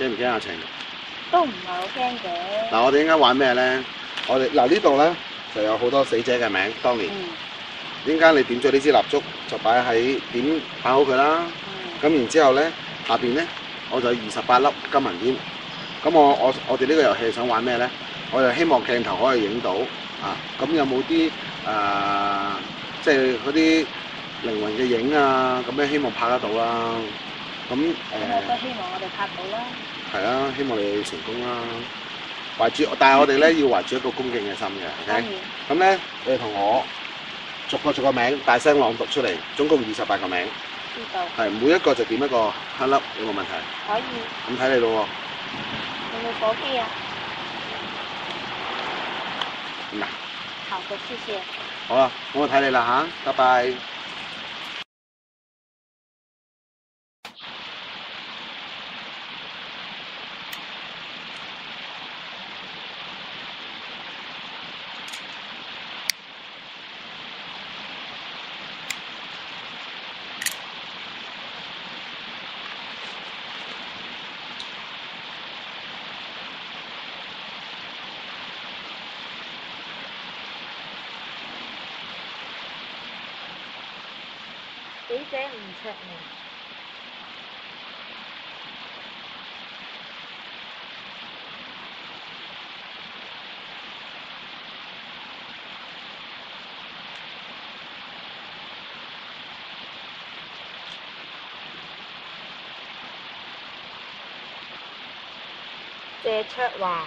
驚唔驚，阿睛？都唔係好驚嘅。嗱、啊，我哋依家玩咩咧？我哋嗱、啊、呢度咧就有好多死者嘅名，當年。依、嗯、解你點咗呢支蠟燭，就擺喺點擺好佢啦。咁、嗯、然之後咧，下邊咧我就有二十八粒金文添。咁我我我哋呢個遊戲想玩咩咧？我就希望鏡頭可以影到啊！咁有冇啲誒，即係嗰啲靈魂嘅影啊？咁樣希望拍得到啦、啊。咁我都希望我哋拍到啦，係啊，希望你成功啦。懷住，但係我哋咧要懷住一個恭敬嘅心嘅，係咪？咁咧，你哋同我逐個逐個名大聲朗讀出嚟，總共二十八個名。知道。係每一個就點一個黑粒，有冇問題？可以。咁睇你咯喎。有冇火機啊？嗱，好嘅，謝謝。好啦，咁我睇你啦吓，拜拜。死者吳卓明，謝卓華。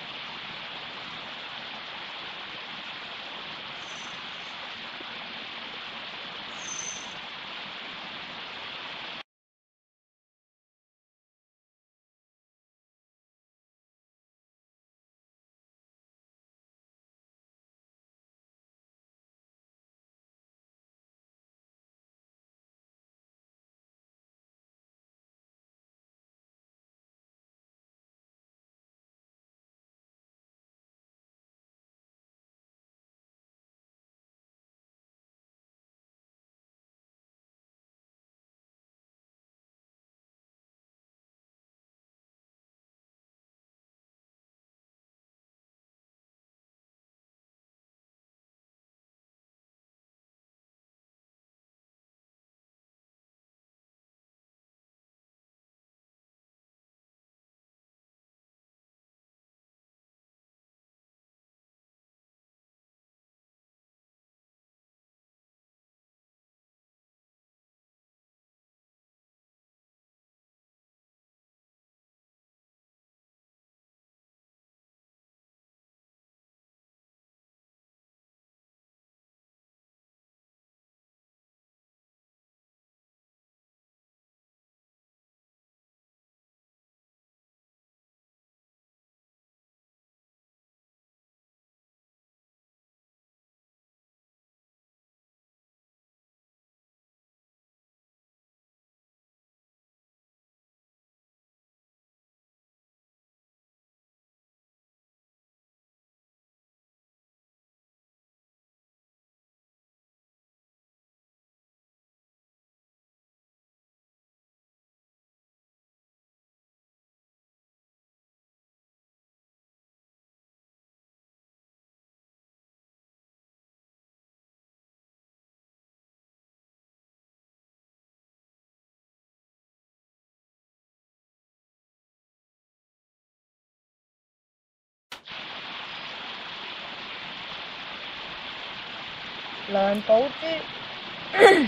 梁寶珠。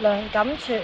梁錦泉。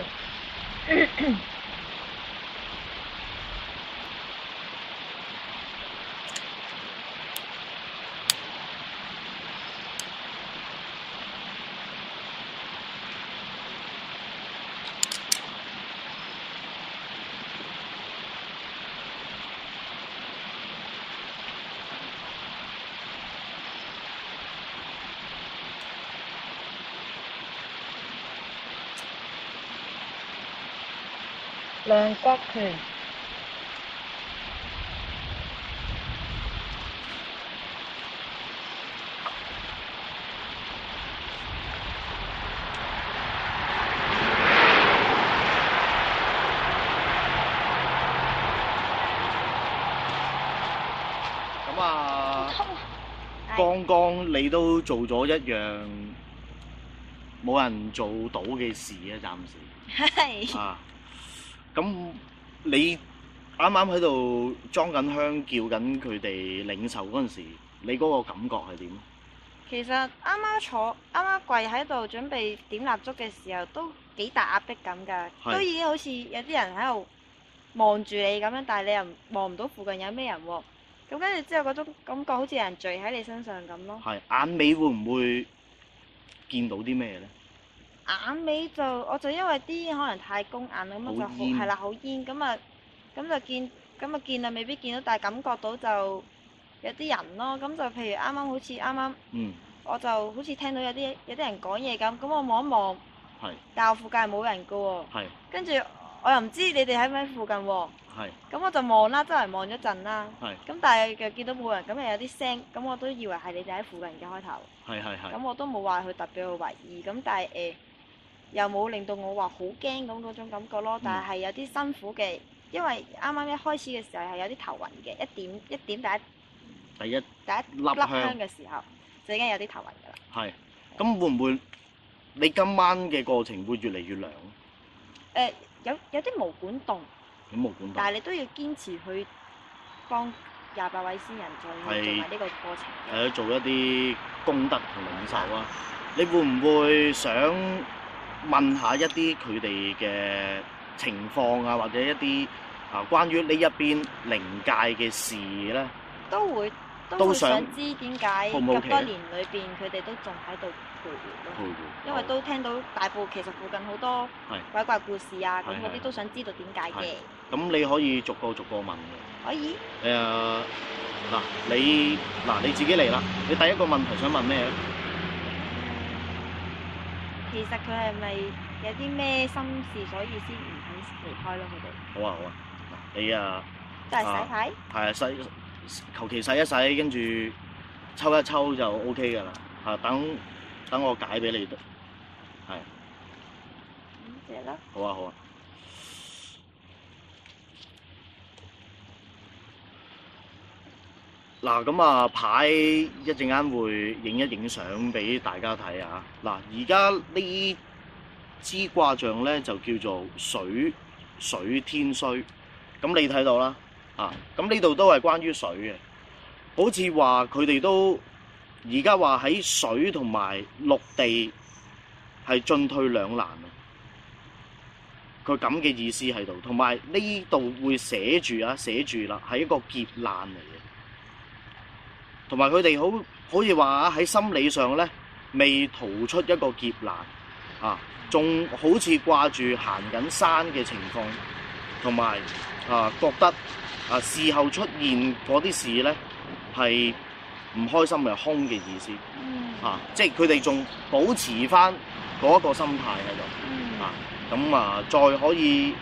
兩骨拳。咁啊，剛剛你都做咗一樣冇人做到嘅事啊，暫時。係。啊。咁你啱啱喺度裝緊香叫緊佢哋領受嗰陣時，你嗰個感覺係點？其實啱啱坐啱啱跪喺度準備點蠟燭嘅時候，都幾大壓迫感㗎，都已經好似有啲人喺度望住你咁樣，但係你又望唔到附近有咩人喎。咁跟住之後嗰種感覺好似有人聚喺你身上咁咯。係眼尾會唔會見到啲咩咧？眼尾就，我就因為啲煙可能太攻眼啦，咁啊就好，係啦好煙，咁啊咁就見，咁啊見啊未必見到，但係感覺到就有啲人咯，咁就譬如啱啱好似啱啱，我就好似聽到有啲有啲人講嘢咁，咁我望一望，但係附近冇人嘅喎，跟住我又唔知你哋喺唔喺附近喎，咁我就望啦，周圍望咗陣啦，咁但係又見到冇人，咁又有啲聲，咁我都以為係你哋喺附近嘅開頭，咁我都冇話佢特別去懷疑，咁但係誒。又冇令到我話好驚咁嗰種感覺咯，但係有啲辛苦嘅，因為啱啱一開始嘅時候係有啲頭暈嘅，一點一點第一第一第一粒香嘅時候就已經有啲頭暈㗎啦。係，咁會唔會你今晚嘅過程會越嚟越涼？誒，有有啲毛管動，毛管動？但係你都要堅持去幫廿八位先人做做埋呢個過程。係做一啲功德同領受啊！你會唔會想？問下一啲佢哋嘅情況啊，或者一啲啊關於呢一邊靈界嘅事咧，都會都會想，想知點解咁多年裏邊佢哋都仲喺度徘徊咯，因為都聽到大埔、哦、其實附近好多鬼怪故事啊，咁嗰啲都想知道點解嘅。咁你可以逐個逐個問嘅。可以。誒、uh, 嗱、啊，你嗱、啊、你自己嚟啦，你第一個問題想問咩咧？其實佢係咪有啲咩心事，所以先唔肯離開咯？佢哋好啊好啊，你啊，即係洗洗，係啊洗，求其洗一洗，跟住抽一抽就 OK 噶啦。吓，等等我解俾你，係。嗯，謝啦。好啊，好啊。嗱，咁啊，牌一陣間會影一影相俾大家睇啊！嗱、啊，而家呢支卦象咧，就叫做水水天需，咁你睇到啦啊！咁呢度都係關於水嘅，好似話佢哋都在在而家話喺水同埋陸地係進退兩難啊！佢咁嘅意思喺度，同埋呢度會寫住啊，寫住啦，係一個劫難嚟嘅。同埋佢哋好，好似話喺心理上咧，未逃出一個劫難啊，仲好似掛住行緊山嘅情況，同埋啊覺得啊事後出現嗰啲事咧係唔開心嘅空嘅意思、嗯，啊，即係佢哋仲保持翻嗰一個心態喺度啊，咁啊再可以，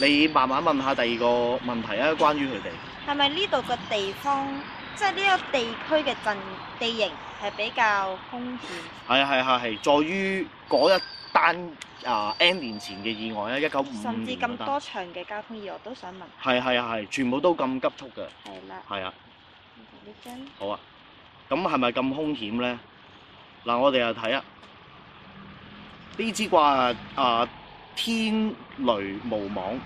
你慢慢問下第二個問題啊，關於佢哋係咪呢度嘅地方？即係呢個地區嘅陣地形係比較凶險。係啊係係係，在於嗰一單啊、呃、N 年前嘅意外咧，一九五甚至咁多場嘅交通意外，都想問。係係啊係，全部都咁急速嘅。係啦。係啊。好啊。咁係咪咁凶險咧？嗱，我哋就睇啊，呢支卦啊、呃，天雷無妄，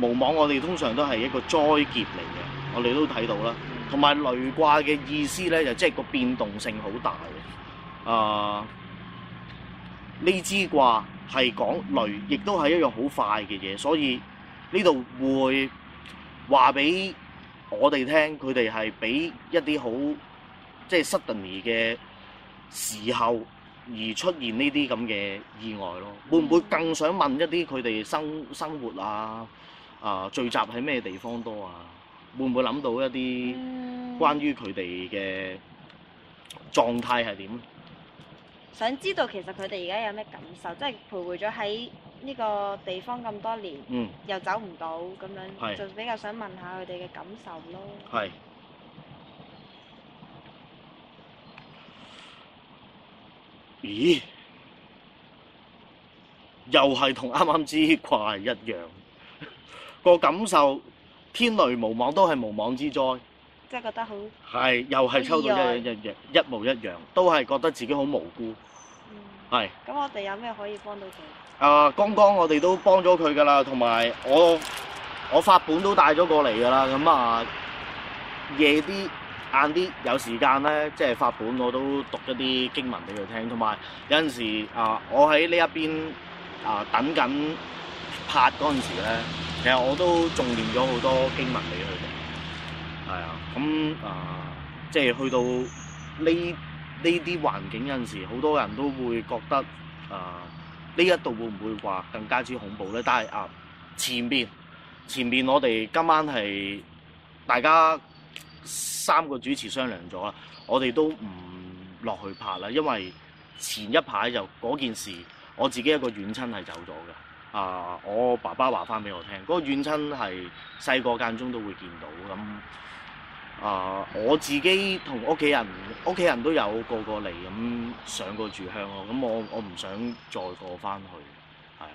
無妄我哋通常都係一個災劫嚟嘅，我哋都睇到啦。同埋雷卦嘅意思咧，就即係個變動性好大嘅。啊，呢支卦係講雷，亦都係一樣好快嘅嘢，所以呢度會話俾我哋聽，佢哋係俾一啲好即係 suddenly 嘅時候而出現呢啲咁嘅意外咯。會唔會更想問一啲佢哋生生活啊？啊，聚集喺咩地方多啊？會唔會諗到一啲關於佢哋嘅狀態係點咧？想知道其實佢哋而家有咩感受？即係徘徊咗喺呢個地方咁多年，又走唔到咁樣，就比較想問下佢哋嘅感受咯。係。咦？又係同啱啱之話一樣，個感受。天雷無妄都係無妄之災，即係覺得好係又係抽到一樣，一樣，一模一樣，都係覺得自己好無辜，係、嗯。咁我哋有咩可以幫到佢？啊、呃，剛剛我哋都幫咗佢噶啦，同埋我我法本都帶咗過嚟噶啦。咁啊，夜啲晏啲有時間咧，即係法本我都讀一啲經文俾佢聽，同埋有陣時啊、呃，我喺呢一邊啊、呃、等緊拍嗰陣時咧。其實我都仲念咗好多經文俾佢哋，係啊，咁啊、呃，即係去到呢呢啲環境有陣時候，好多人都會覺得啊，呢、呃、一度會唔會話更加之恐怖咧？但係啊，前邊前邊我哋今晚係大家三個主持商量咗啦，我哋都唔落去拍啦，因為前一排就嗰件事，我自己一個遠親係走咗嘅。啊、uh！我爸爸話翻俾我聽，嗰個遠親係細個間中都會見到咁。啊！Uh, 我自己同屋企人，屋企人都有個個嚟咁上過住鄉咯。咁我我唔想再過翻去，係啊。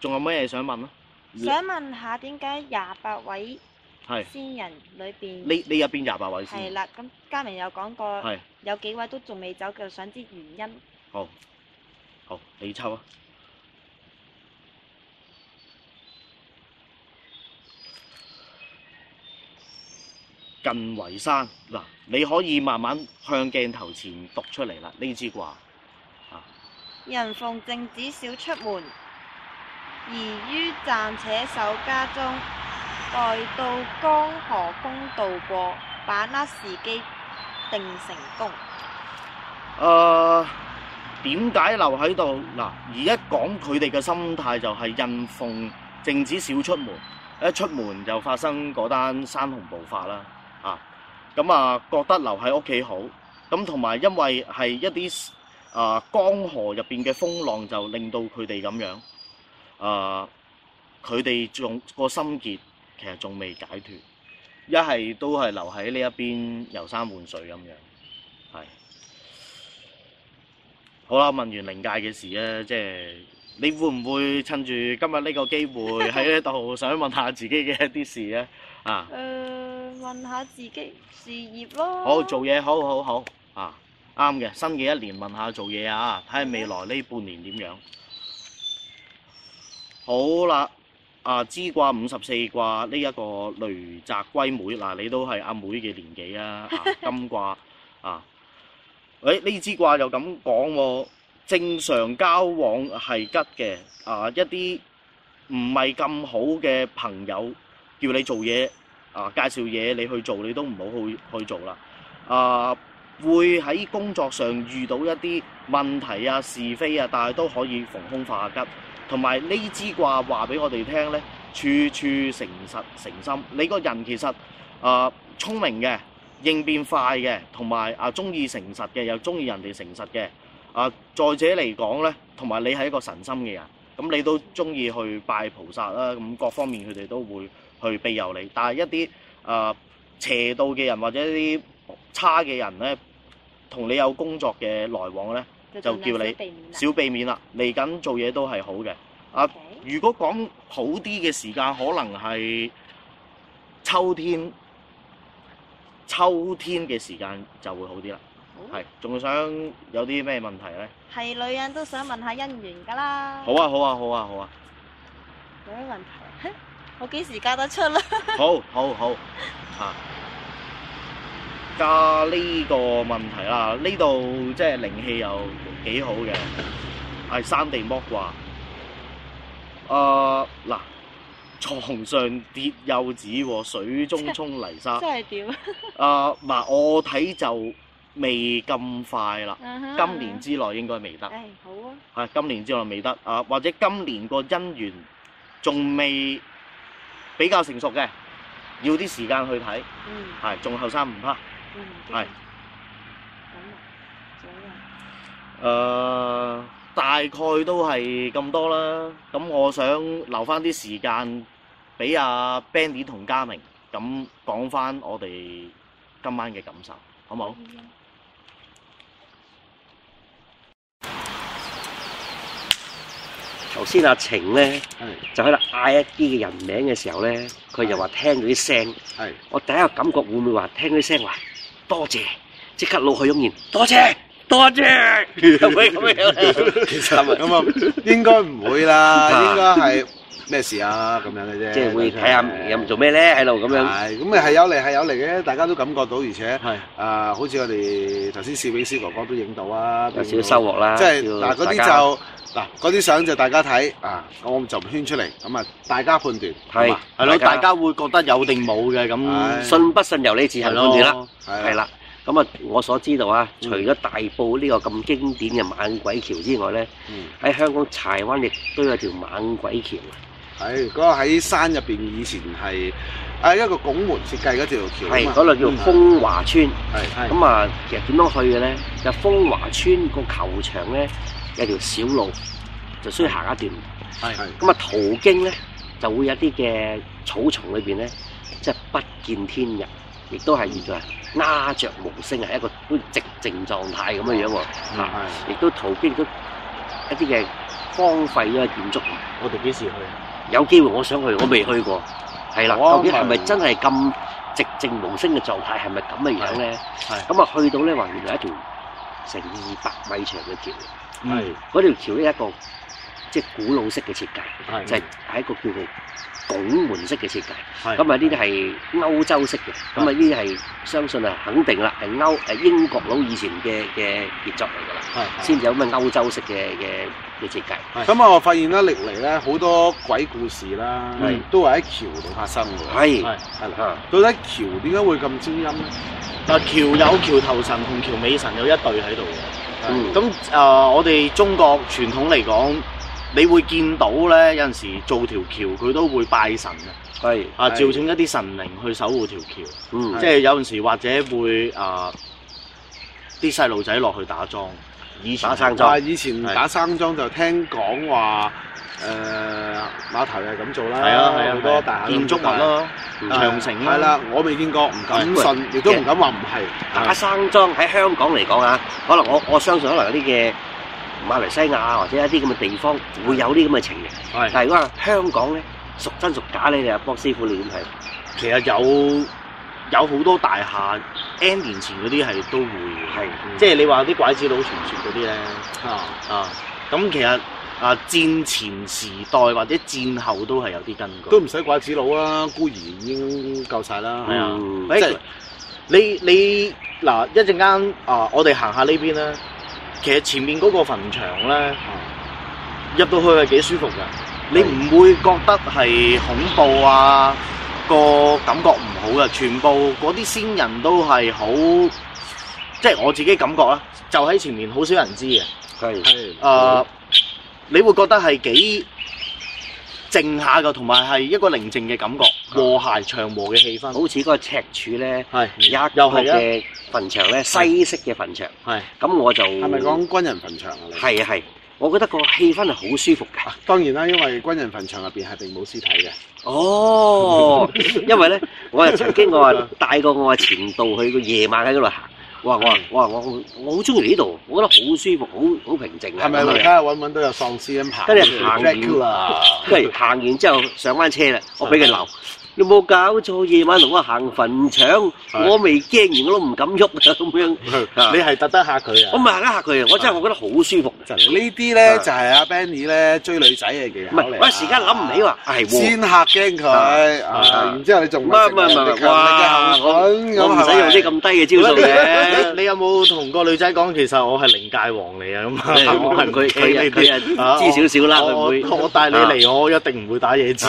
仲有乜嘢想問啊？想問下點解廿八位先人裏邊？你你入邊廿八位先人？係啦，咁嘉明有講過有幾位都仲未走，佢想知原因。好，好，你抽啊！近圍山嗱，你可以慢慢向鏡頭前讀出嚟啦。呢支卦啊，人逢靜止少出門，宜於暫且守家中，待到江河公渡過，把握時機定成功。誒、呃，點解留喺度嗱？而一講佢哋嘅心態就係人逢靜止少出門，一出門就發生嗰單山洪暴發啦。啊，咁啊，覺得留喺屋企好，咁同埋因為係一啲啊江河入邊嘅風浪就令到佢哋咁樣，啊，佢哋仲個心結其實仲未解脫，一係都係留喺呢一邊遊山玩水咁樣，係，好啦，問完靈界嘅事咧，即係。你會唔會趁住今日呢個機會喺呢度想問，問下自己嘅一啲事咧？啊，誒，問下自己事業咯。好做嘢，好好好。啊，啱嘅，新嘅一年問下做嘢啊，睇下未來呢半年點樣。好啦，啊，之卦五十四卦呢一個雷澤歸妹，嗱、啊、你都係阿妹嘅年紀啊，金卦 啊，誒，呢支卦又咁講喎。正常交往係吉嘅，啊、呃、一啲唔係咁好嘅朋友叫你做嘢啊、呃、介紹嘢你去做，你都唔好去去做啦。啊、呃，會喺工作上遇到一啲問題啊，是非啊，但係都可以逢凶化吉。同埋呢支卦話俾我哋聽呢，處處誠實誠心。你個人其實啊聰、呃、明嘅，應變快嘅，同埋啊中意誠實嘅，又中意人哋誠實嘅。啊！再者嚟講呢同埋你係一個神心嘅人，咁你都中意去拜菩薩啦。咁各方面佢哋都會去庇佑你。但係一啲啊、呃、邪道嘅人或者一啲差嘅人呢，同你有工作嘅來往呢，就叫你少避免啦。嚟緊做嘢都係好嘅。啊，如果講好啲嘅時間，可能係秋天，秋天嘅時間就會好啲啦。係，仲想有啲咩問題咧？係女人都想問下姻緣噶啦。好啊，好啊，好啊，好啊。冇咩問題？ 我幾時嫁得出啦？ 好，好，好。吓、啊，加呢個問題啦。呢度即係靈氣又幾好嘅，係山地剝卦。誒、啊，嗱、啊，床上跌柚子，水中沖泥沙。即係點？誒，嗱，我睇就。未咁快啦、uh -huh, uh -huh. uh -huh.，今年之內應該未得。好啊，係今年之內未得啊，或者今年個姻緣仲未比較成熟嘅，要啲時間去睇。係仲後生唔怕，係、uh、誒 -huh. uh, 大概都係咁多啦。咁我想留翻啲時間俾阿 Benny 同珈名，咁講翻我哋今晚嘅感受，好唔好？Uh -huh. 頭先阿晴咧，就喺度嗌一啲嘅人名嘅時候咧，佢又話聽到啲聲，我第一感覺會唔會話聽到啲聲話多謝，即刻落去擁抱，多謝多謝，唔會咁樣，咁啊，應該唔會啦，應該係咩事啊咁樣嘅啫，即係會睇下有做咩咧喺度咁樣，係咁啊，係有嚟、係有嚟嘅，大家都感覺到，而且啊，好似我哋頭先試俾師哥哥都影到啊，有少少收穫啦，即係嗱嗰啲就。嗱，嗰啲相就大家睇啊，我就圈出嚟，咁啊，大家判斷，係係咯，大家會覺得有定冇嘅，咁，信不信由你自行諗住啦，係啦。咁啊，我所知道啊，除咗大埔呢個咁經典嘅猛鬼橋之外咧，喺、嗯、香港柴灣亦都有條猛鬼橋啊。係嗰、嗰個喺山入面以前係啊一個拱門設計嗰條橋，係嗰度叫風華村。係。咁啊，其實點樣去嘅咧？就風、係、華村個球場咧。一條小路，就需要行一段路。係係。咁啊，途經咧，就會有啲嘅草叢裏邊咧，即係不見天日，亦都係現在鴉雀無聲，係一個好似寂靜狀態咁嘅樣喎。係、嗯、亦都途經都一啲嘅荒廢嘅建築。我哋幾時去啊？有機會我想去，我未去過。係 啦，究竟係咪真係咁寂靜無聲嘅狀態？係咪咁嘅樣咧？係。咁啊，去到咧話，原來一條成二百米長嘅橋。嗯，嗰條橋呢，一個即係、就係、古老式嘅設計，就係、係、係一個叫做拱門式嘅設計。咁啊呢啲係歐洲式嘅，咁啊呢啲係相信啊肯定啦，係歐英國佬以前嘅嘅傑作嚟㗎啦，先有咁嘅歐洲式嘅嘅嘅設計。咁啊，我發現咧歷嚟咧好多鬼故事啦，都係喺橋度發生㗎。係係嚇，到底橋點解會咁招陰咧？嗱，橋有橋頭神同橋尾神有一對喺度。咁、嗯、啊、呃！我哋中國傳統嚟講，你會見到咧有陣時做條橋，佢都會拜神嘅，係啊，召請一啲神靈去守護條橋。嗯，即係有陣時或者會啊，啲細路仔落去打樁。以前打生樁，以前打生樁就聽講話。誒、呃，碼頭係咁做啦，好多，啊啊、大廈建築物咯，啊，長城啦，係啦，啊啊，我未見過，唔敢信，亦都唔敢話唔係打生樁。喺香港嚟講啊，可能我我相信，可能有啲嘅馬來西亞或者一啲咁嘅地方會有啲咁嘅情形，啊，但係如果香港咧屬真屬假咧，你阿邦，啊，師傅你點睇？其實有有好多大廈 N 年前嗰啲係都會，即係，啊就是，你話啲拐子佬傳說嗰啲咧，啊啊，咁其實。啊！戰前時代或者戰後都係有啲根據，都唔使拐子佬啦，孤兒已經夠晒啦。係、嗯、啊、就是，你你嗱一陣間啊，我哋行下呢邊啦。其實前面嗰個墳場咧，入、啊、到去係幾舒服噶，你唔會覺得係恐怖啊，個感覺唔好噶。全部嗰啲先人都係好，即、就、係、是、我自己感覺啦，就喺前面好少人知嘅。係係啊！你會覺得係幾靜下噶，同埋係一個寧靜嘅感覺，和諧祥和嘅氣氛，好似嗰個赤柱咧，又係嘅墳場咧，西式嘅墳場。係，咁我就係咪講軍人墳場啊？係啊係，我覺得個氣氛係好舒服嘅。當然啦，因為軍人墳場入邊係並冇屍體嘅。哦， 因為咧，我係曾經我係帶過我嘅前度去個夜晚喺嗰度行。哇哇我，哇哇我，我好中意呢度，我覺得好舒服，好好平靜啊！係咪而家揾揾都有喪屍咁爬？跟住行完，跟住行完之後上翻車啦，我俾佢留。嗯你冇搞錯，夜晚同我行墳場，我未驚完我都唔敢喐咁樣。你係特登嚇佢啊？我唔係嚇一嚇佢啊！我真係我覺得好舒服。真係呢啲咧就係阿 Benny 咧追女仔嚟嘅。唔係，我一時間諗唔起喎。係先嚇驚佢，然之後你仲唔係唔係唔係哇？我我唔使用啲咁低嘅招數嘅。你有冇同個女仔講？其實我係靈界王嚟啊！咁問佢，佢佢知少少啦。我我帶你嚟，我一定唔會打野戰。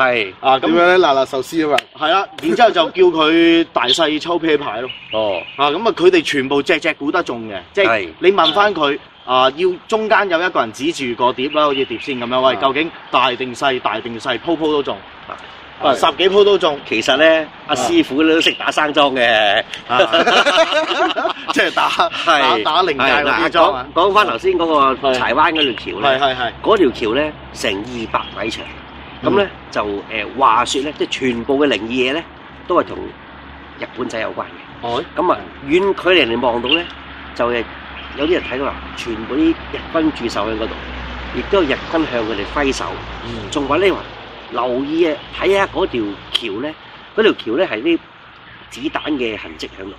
係啊，咁樣咧，嗱嗱壽司啊嘛，係 啦，然之後就叫佢大細抽啤牌咯。哦，啊咁啊，佢哋全部隻隻估得中嘅，即係、就是、你問翻佢啊，要中間有一個人指住個碟啦，好似碟仙咁樣喂，究竟大定細，大定細，鋪鋪都中，啊，十幾鋪都中。其實咧，阿、啊、師傅都識打生莊嘅，啊、 即係打打打靈界嗰啲莊。講翻頭先嗰個柴灣嗰條橋咧，嗰條橋咧成二百米長。.咁咧就誒話説咧，即係全部嘅靈異嘢咧，都係同日本仔有關嘅。咁啊遠距離你望到咧，就係有啲人睇到啦，全部啲日軍駐守喺嗰度，亦都有日軍向佢哋揮手，仲話呢話留意啊，睇下嗰條橋咧，嗰條橋咧係啲子彈嘅痕跡喺度。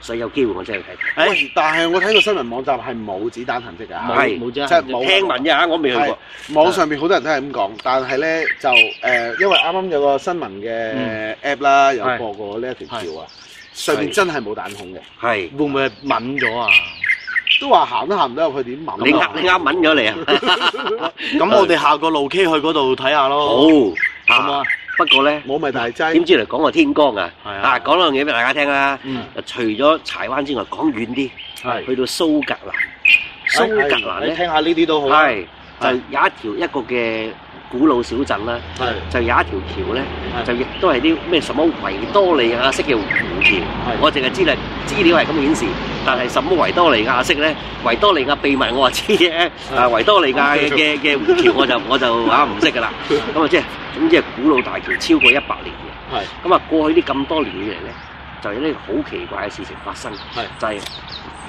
所以有機會我真係去睇。誒，但係我睇個新聞網站係冇子彈痕跡㗎。唔係，冇即係冇。聽聞呀，我未去過。網上邊好多人都係咁講，但係咧就誒、呃，因為啱啱有個新聞嘅 app 啦、嗯，有播過呢一條票啊。上面真係冇彈孔嘅。係。會唔會係掹咗啊？都話行都行唔到入去點掹啊？你啱，你啱掹咗你啊！咁 我哋下個路 K 去嗰度睇下咯。好、oh。好啊。不過咧，冇咪大劑。點知嚟講個天光啊？係啊，啊，講樣嘢俾大家聽啦、啊。嗯。除咗柴灣之外，講遠啲，係去到蘇格蘭。蘇格蘭咧，你聽下呢啲都好啊。係。就有一條一個嘅古老小鎮啦。係。就有一條橋咧，就亦都係啲咩什麼維多利亞式嘅湖橋。係，我淨係知啦，資料係咁顯示。但係什麼維多利亞式咧？維多利亞秘密我話知嘅，啊維多利亞嘅嘅橋我就 我就啊唔識㗎啦。咁啊即係，咁即係古老大橋超過一百年嘅。咁啊過去啲咁多年以嚟咧，就有啲好奇怪嘅事情發生，係就係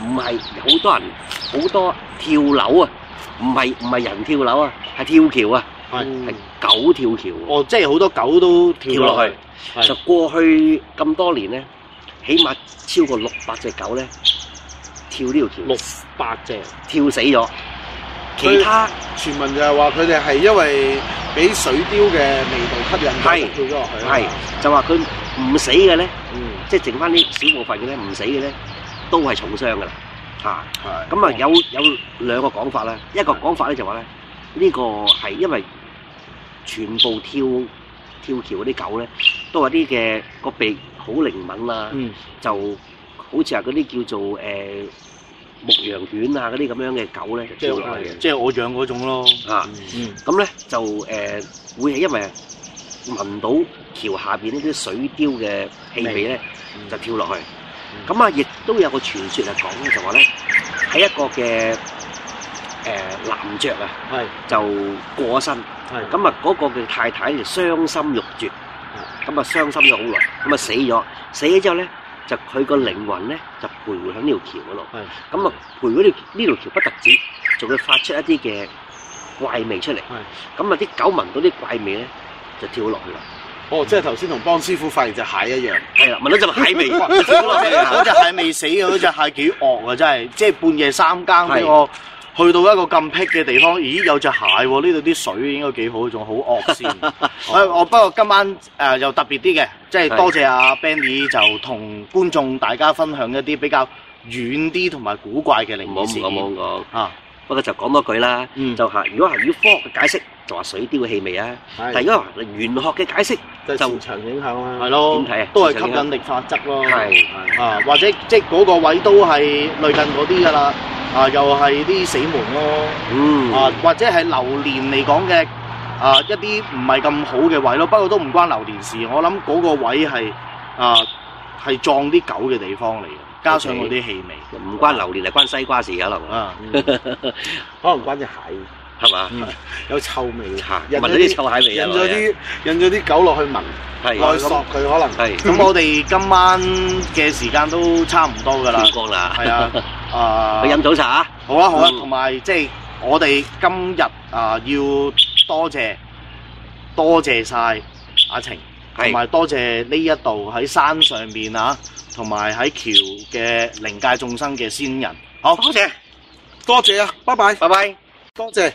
唔係好多人好多跳樓啊？唔係唔係人跳樓啊，係跳橋啊，係狗跳橋。哦，即係好多狗都跳落去，跳下去。就過去咁多年咧，起碼超過六百隻狗咧。跳呢條橋六百隻跳死咗，其他，他傳聞就係話佢哋係因為俾水貂嘅味道吸引，係跳咗落去係，就話佢唔死嘅咧，嗯，即係剩翻啲小部分嘅咧唔死嘅咧，都係重傷噶啦，嚇，係咁啊有、嗯、有，有兩個講法啦，一個講法咧就話咧呢個係因為全部跳跳橋嗰啲狗咧，都有啲嘅個鼻好靈敏啦，嗯，就。好似啊嗰啲叫做誒、呃、牧羊犬啊嗰啲咁樣嘅狗咧跳落去，嘅，即係我養嗰種咯嚇。咁咧就誒會係因為聞到橋下面呢啲水貂嘅氣味咧，就跳落去。咁、嗯、啊，亦、嗯嗯呃嗯嗯、都有個傳說嚟講嘅，就話咧喺一個嘅誒、呃、男爵啊，就過咗身。咁啊，嗰個嘅太太就傷心欲絕，咁啊傷心咗好耐，咁啊死咗。死咗之後咧。就佢、係、個靈魂咧，就徘徊喺呢條橋嗰度。咁啊，徘徊呢條呢條橋不特止，仲會發出一啲嘅怪味出嚟。咁啊，啲狗聞到啲怪味咧，就跳落去啦。哦，嗯、即係頭先同幫師傅發現隻蟹一樣。係啦，聞到陣蟹味，跳落去啦。嗰隻蟹未死啊！嗰隻蟹幾惡啊！真係，即係半夜三更呢個。去到一個咁僻嘅地方，咦，有隻蟹喎！呢度啲水應該幾好，仲好惡先。我不過今晚誒又、呃、特別啲嘅，即係多謝阿、啊、Benny 就同觀眾大家分享一啲比較遠啲同埋古怪嘅靈異事。冇冇講啊！不過就講多句啦、嗯，就係如果係要科學解釋，就話水雕嘅氣味啊，但係如果玄學嘅解釋就係受場影響啊，點睇啊？都係吸引力法則咯，啊或者即嗰個位都係類近嗰啲㗎啦，啊又係啲死門咯，啊或者係流年嚟講嘅啊一啲唔係咁好嘅位咯，不過都唔關流年事，我諗嗰個位係啊係撞啲狗嘅地方嚟嘅，加上嗰啲氣味，唔關流年係關西瓜事可能，可能關隻蟹。係嘛？有臭味啊！聞咗啲臭蟹味啊！引咗啲，引咗啲狗落去聞，係，來索佢可能係。咁我哋今晚嘅時間都差唔多噶啦，係啊，啊，去飲早茶啊！好啊，好啊！同埋即係我哋今日啊，要多謝，多謝晒阿晴，係，同埋多謝呢一度喺山上面啊，同埋喺橋嘅靈界眾生嘅仙人。好，多謝，多謝啊！拜拜，拜拜，多謝。